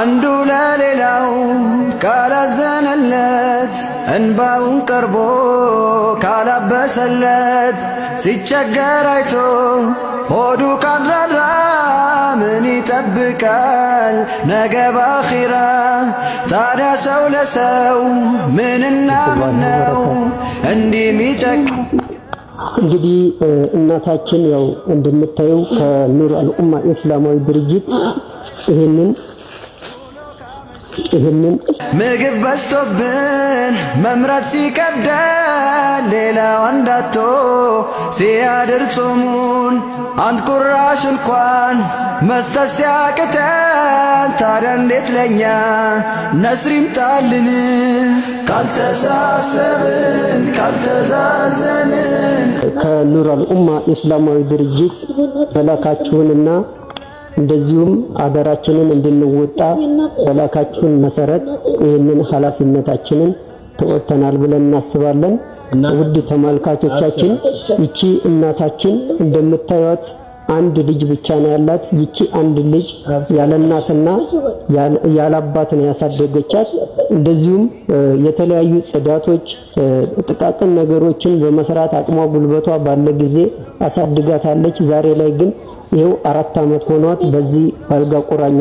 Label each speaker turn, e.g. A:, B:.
A: አንዱ ለሌላው ካላዘነለት እንባውን ቀርቦ ካላበሰለት ሲቸገር አይቶ ሆዱ ካልራራ ምን ይጠብቃል ነገ ባኺራ? ታዲያ ሰው ለሰው ምንና ምነው እንዲህ ሚጨቅ
B: እንግዲህ እናታችን ያው እንደምታዩ ከኑር አልኡማ ኢስላማዊ ድርጅት ይህንን ይህንን
A: ምግብ በስቶብን መምራት ሲከብደን ሌላው አንዳቶ ሲያድር ጾሙን አንድ ቁራሽ እንኳን መስጠት ሲያቅተን ታዲያ እንዴት ለእኛ ነስሪም ጣልን ካልተሳሰብን ካልተዛዘንን
B: ከኑረል ኡማ ኢስላማዊ ድርጅት መላካችሁንና እንደዚሁም አገራችንን እንድንወጣ በላካችሁን መሰረት ይህንን ኃላፊነታችንን ተወጥተናል ብለን እናስባለን። ውድ ተመልካቾቻችን ይቺ እናታችን እንደምታዩት አንድ ልጅ ብቻ ነው ያላት። ይቺ አንድ ልጅ ያለ እናትና ያለ አባት ነው ያሳደገቻት። እንደዚሁም የተለያዩ ጽዳቶች፣ ጥቃቅን ነገሮችን በመስራት አቅሟ ጉልበቷ ባለ ጊዜ አሳድጋታለች። ዛሬ ላይ ግን ይኸው አራት ዓመት ሆኗት በዚህ አልጋ ቁራኛ